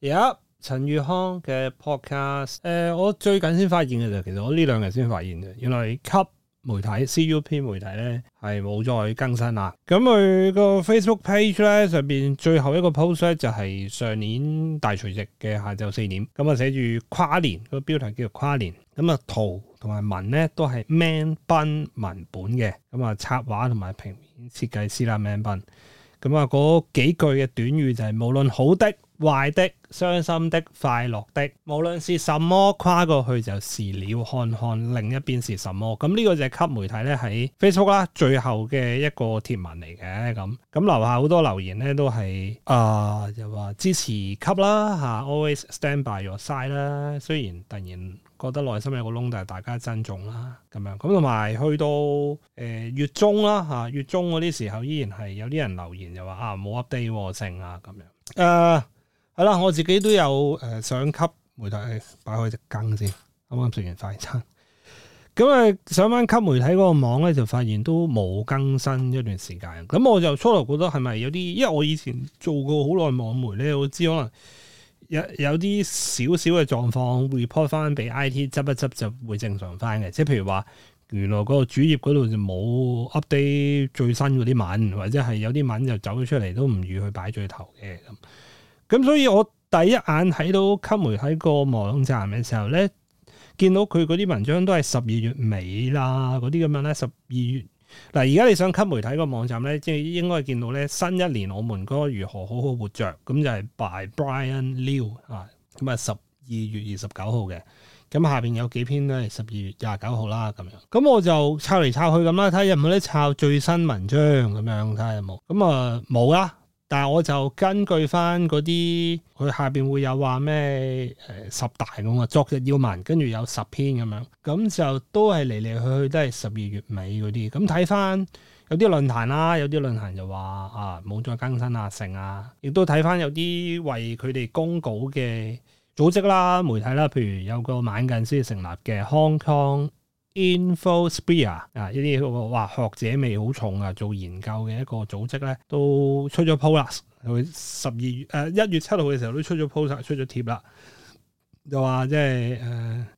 有陳宇康嘅 podcast，誒、呃，我最近先發現嘅就，其實我呢兩日先發現嘅，原來 cup 媒體、cup 媒體咧係冇再更新啦。咁佢個 Facebook page 咧上邊最後一個 post 咧就係上年大除夕嘅下晝四點，咁啊寫住跨年，那個標題叫做跨年，咁啊圖同埋文咧都係 man 濱文本嘅，咁啊插畫同埋平面設計師啦 man 濱，咁啊嗰幾句嘅短語就係、是、無論好的。壞的、傷心的、快樂的，無論是什麼，跨過去就是了。看看另一邊是什麼？咁呢個就係 CUP 媒體咧喺 Facebook 啦，最後嘅一個貼文嚟嘅咁。咁樓下好多留言咧都係啊，又、呃、話支持 CUP 啦，吓，Always stand by your side 啦。雖然突然覺得內心有個窿，但係大家珍重啦咁樣。咁同埋去到誒月中啦吓，月中嗰啲、啊、時候依然係有啲人留言又話啊冇 update 成啊咁樣誒。呃係啦、嗯，我自己都有誒、呃、上 CUP 媒體擺、哎、開隻羹先，啱啱食完快餐。咁、嗯、啊，上翻 CUP 媒體嗰個網咧，就發現都冇更新一段時間。咁我就初頭覺得係咪有啲，因為我以前做過好耐網媒咧，我知可能有有啲少少嘅狀況 report 翻俾 IT 執一執就會正常翻嘅。即係譬如話，原來嗰個主頁嗰度就冇 update 最新嗰啲文，或者係有啲文就走咗出嚟都唔預佢擺最頭嘅咁。咁所以我第一眼睇到 CUP 媒體個網站嘅時候咧，見到佢嗰啲文章都係十二月尾啦，嗰啲咁樣咧。十二月嗱，而家你想 CUP 媒體個網站咧，即係應該見到咧，新一年我們該如何好好活着，咁就係 by Brian Liu 啊。咁啊，十二月二十九號嘅，咁下邊有幾篇咧，十二月廿九號啦，咁樣。咁我就抄嚟抄去咁啦，睇下有冇咧，抄最新文章咁樣，睇下有冇。咁啊，冇、呃、啊。但係我就根據翻嗰啲，佢下邊會有話咩誒十大咁啊，作日要聞，跟住有十篇咁樣，咁就都係嚟嚟去去都係十二月尾嗰啲。咁睇翻有啲論壇啦，有啲論壇就話啊冇再更新啊，成啊，亦都睇翻有啲為佢哋公稿嘅組織啦、媒體啦，譬如有個晚近先成立嘅 Hong Kong。InfoSphere 啊，呢啲哇學者味好重啊，做研究嘅一個組織咧，都出咗 post 啦，佢十二月誒一月七號嘅時候都出咗 post，出咗貼啦。就話即係誒，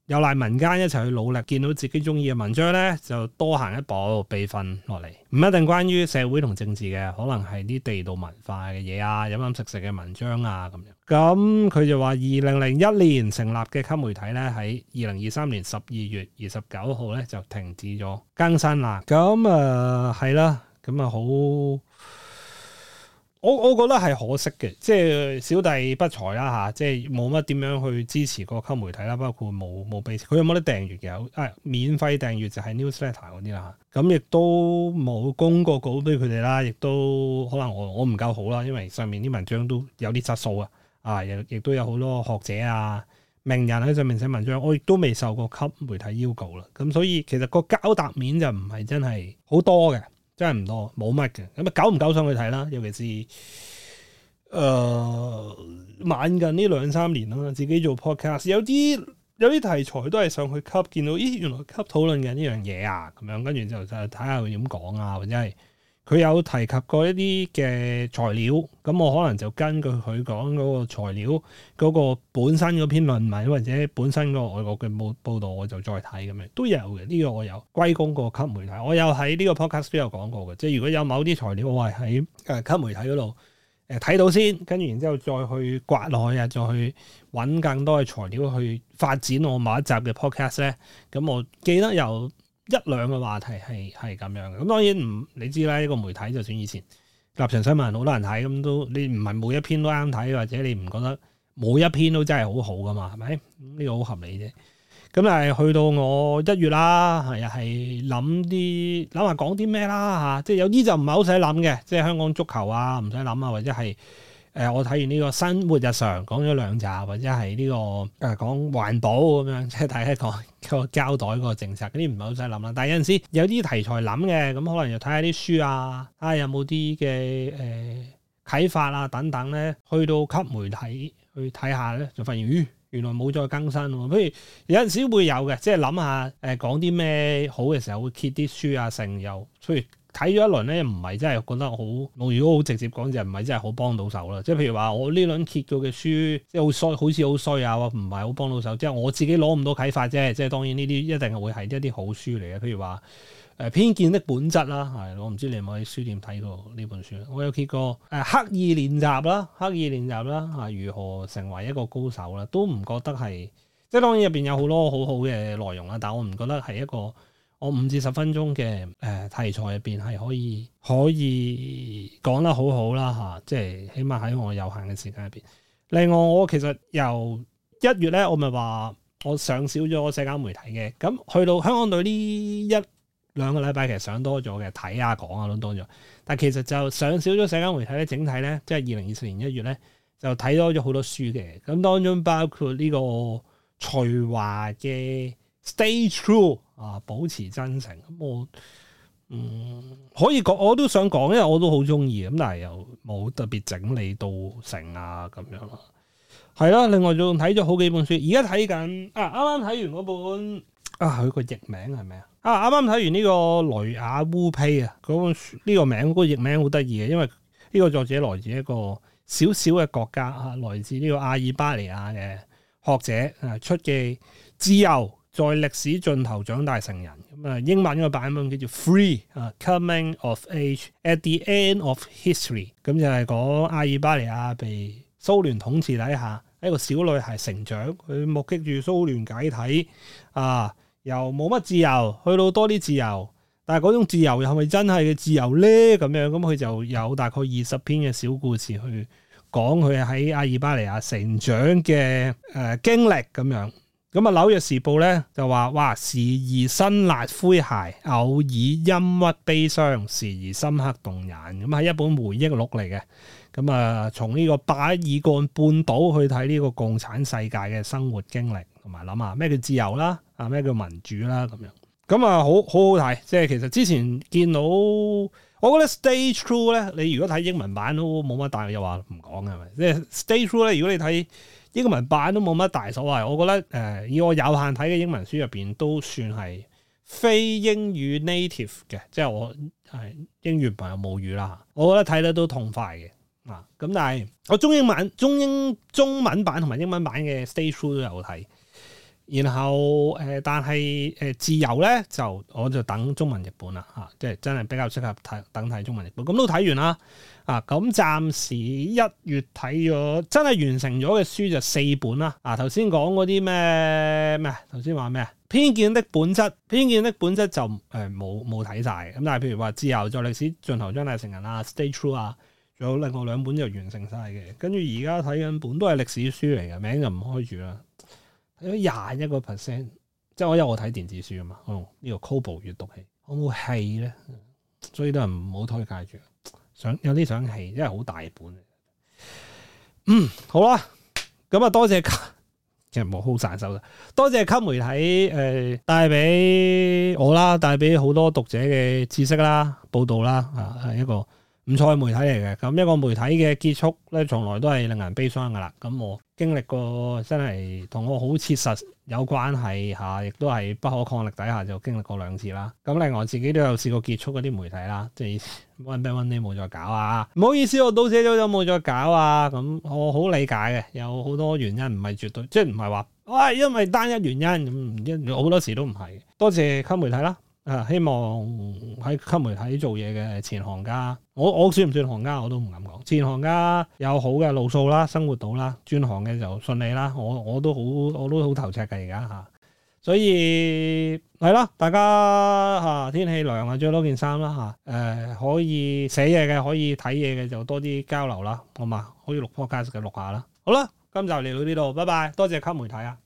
有賴民間一齊去努力，見到自己中意嘅文章呢，就多行一步備份落嚟，唔一定關於社會同政治嘅，可能係啲地道文化嘅嘢啊，飲飲食食嘅文章啊咁樣。咁、嗯、佢就話，二零零一年成立嘅 CUP 媒體呢，喺二零二三年十二月二十九號呢，就停止咗更新、嗯嗯、啦。咁啊係啦，咁啊好。我我覺得係可惜嘅，即係小弟不才啦嚇，即係冇乜點樣去支持 CUP 媒體啦，包括冇冇俾佢有冇得訂閱嘅。誒、哎、免費訂閱就係 newsletter 嗰啲啦，咁亦都冇公過稿俾佢哋啦，亦都可能我我唔夠好啦，因為上面啲文章都有啲質素啊，啊亦都有好多學者啊、名人喺上面寫文章，我亦都未受過 CUP 媒體邀稿啦，咁所以其實個交達面就唔係真係好多嘅。真係唔多，冇乜嘅。咁啊，搞唔搞上去睇啦？尤其是，誒、呃，晚近呢兩三年啦，自己做 podcast，有啲有啲題材都係上去 CUP，見到咦，原來 CUP 討論緊呢樣嘢啊，咁樣跟住就就睇下佢點講啊，或者係。佢有提及過一啲嘅材料，咁我可能就根據佢講嗰個材料嗰、嗰個本身嗰篇論文或者本身個外國嘅報報導，我就再睇咁樣都有嘅。呢、呢個我有歸功過 CUP 媒體，我有喺呢個 podcast 都有講過嘅。即係如果有某啲材料，我係喺誒 CUP 媒體嗰度誒睇到先，跟住然之後再去刮落去啊，再去揾更多嘅材料去發展我某一集嘅 podcast 咧。咁我記得有。一兩個話題係係咁樣嘅，咁當然唔你知啦。呢個媒體就算以前立場新聞好多人睇，咁都你唔係每一篇都啱睇，或者你唔覺得每一篇都真係好好㗎嘛？係咪？呢個好合理啫。咁但係去到我一月啦，係啊，係諗啲諗下講啲咩啦嚇，即係有啲就唔係好使諗嘅，即係香港足球啊，唔使諗啊，或者係。誒、呃，我睇完呢個生活日常講咗兩集，或者係呢、這個誒講、呃、環保咁樣，即係睇一講個膠袋、這個政策，嗰啲唔係好使諗啦。但係有陣時有啲題材諗嘅，咁可能又睇下啲書啊，啊、哎、有冇啲嘅誒啟發啊等等咧，去到 CUP 媒體去睇下咧，就發現咦、呃、原來冇再更新喎。譬如有陣時會有嘅，即係諗下誒講啲咩好嘅時候，會揭啲書啊成又出去。呃睇咗一輪咧，唔係真係覺得好。我如果好直接講，就唔係真係好幫到手啦。即係譬如話，我呢輪揭到嘅書，即係好衰，好似好衰下喎，唔係好幫到手。即係我自己攞唔到啟發啫。即係當然呢啲一定係會係一啲好書嚟嘅。譬如話，誒、呃、偏見的本質啦，係、啊、我唔知你有冇喺書店睇過呢本書。我有揭過誒刻意練習啦，刻意練習啦，嚇、啊、如何成為一個高手啦，都唔覺得係。即係當然入邊有好多好好嘅內容啦，但我唔覺得係一個。我五至十分鐘嘅誒題材入邊係可以可以講得好好啦嚇，即係起碼喺我有限嘅時間入邊。另外我其實由一月咧，我咪話我上少咗社交媒體嘅，咁去到香港隊呢一兩個禮拜其實上多咗嘅，睇下講下都多咗。但其實就上少咗社交媒體咧，整體咧，即係二零二四年一月咧就睇多咗好多書嘅，咁當中包括呢個徐華嘅。Stay true 啊，保持真誠。咁我嗯可以講，我都想講，因為我都好中意咁，但係又冇特別整理到成啊，咁樣咯。係啦，另外仲睇咗好幾本書，而家睇緊啊，啱啱睇完嗰本啊，佢個譯名係咩啊？啊，啱啱睇完呢個雷亞烏披啊，嗰、啊這個、本書呢、這個名嗰、那個譯名好得意嘅，因為呢個作者來自一個小小嘅國家啊，來自呢個阿爾巴尼亞嘅學者啊，出嘅自由。在歷史盡頭長大成人咁啊，英文嘅版本叫做《Free》啊，《Coming of Age at the End of History》咁就係講阿爾巴尼亞被蘇聯統治底下一個小女孩成長，佢目擊住蘇聯解體啊，由冇乜自由，去到多啲自由，但係嗰種自由又係咪真係嘅自由咧？咁樣咁佢就有大概二十篇嘅小故事去講佢喺阿爾巴尼亞成長嘅誒、呃、經歷咁樣。咁啊，《紐約時報》咧就話：哇，時而辛辣詼諧，偶爾陰鬱悲傷，時而深刻動人。咁係一本回憶錄嚟嘅。咁啊、嗯，從呢個巴爾幹半島去睇呢個共產世界嘅生活經歷，同埋諗下咩叫自由啦，啊咩叫民主啦，咁、啊、樣。咁、嗯、啊，好好好睇。即係其實之前見到，我覺得《Stay True》咧，你如果睇英文版都冇乜，大係又話唔講嘅，係咪？即係《Stay True》咧，如果你睇。英文版都冇乜大所謂，我覺得誒、呃、以我有限睇嘅英文書入邊都算係非英語 native 嘅，即係我係英語朋友母語啦嚇，我覺得睇得都痛快嘅啊！咁但係我中英文，中英中文版同埋英文版嘅 stay 書都有睇。然後誒，但係誒自由咧，就我就等中文譯本啦嚇、啊，即係真係比較適合睇等睇中文譯本。咁都睇完啦啊！咁、啊、暫時一月睇咗，真係完成咗嘅書就四本啦啊！頭先講嗰啲咩咩頭先話咩啊？偏見的本質，偏見的本質就誒冇冇睇晒。嘅、呃。咁但係譬如話自由在歷史盡頭，張大成人啦，Stay True 啊，仲有另外兩本就完成晒嘅。跟住而家睇緊本都係歷史書嚟嘅，名就唔開住啦。有廿一個 percent，即係我因為我睇電子書啊嘛，用呢，哦，這個 Kobo 閱讀器，好唔好氣咧？所以都係唔好推介住，想有啲想氣，因為好大本。嗯，好啦，咁，啊，多謝其實冇好散手啦，多謝 CUP 媒體，誒，帶俾我啦，帶俾好多讀者嘅知識啦、報道啦，啊，係一個唔錯嘅媒體嚟嘅。咁一個媒體嘅結束咧，從來都係令人悲傷㗎喇。咁、嗯、我。經歷過真係同我好切實有關係吓，啊，亦都係不可抗力底下就經歷過兩次啦。咁另外我自己都有試過結束嗰啲媒體啦，即係 one day one day 呢冇再搞啊，唔好意思我倒寫咗有冇再搞啊。咁我好理解嘅，有好多原因唔係絕對，即係唔係話，啊因為單一原因，因好多時都唔係。多謝 CUP 媒體啦。啊、希望喺 CUP 媒體做嘢嘅前行家，我我算唔算行家我都唔敢講。前行家有好嘅路數啦，生活到啦，轉行嘅就順利啦。我我都好，我都好頭赤嘅而家嚇。所以係啦，大家嚇天氣涼啊，著多件衫啦嚇。誒、啊呃、可以寫嘢嘅可以睇嘢嘅就多啲交流啦，好嘛？可以錄 podcast 嘅錄下啦。好啦，今集就嚟到呢度，拜拜！多謝 CUP 媒體啊！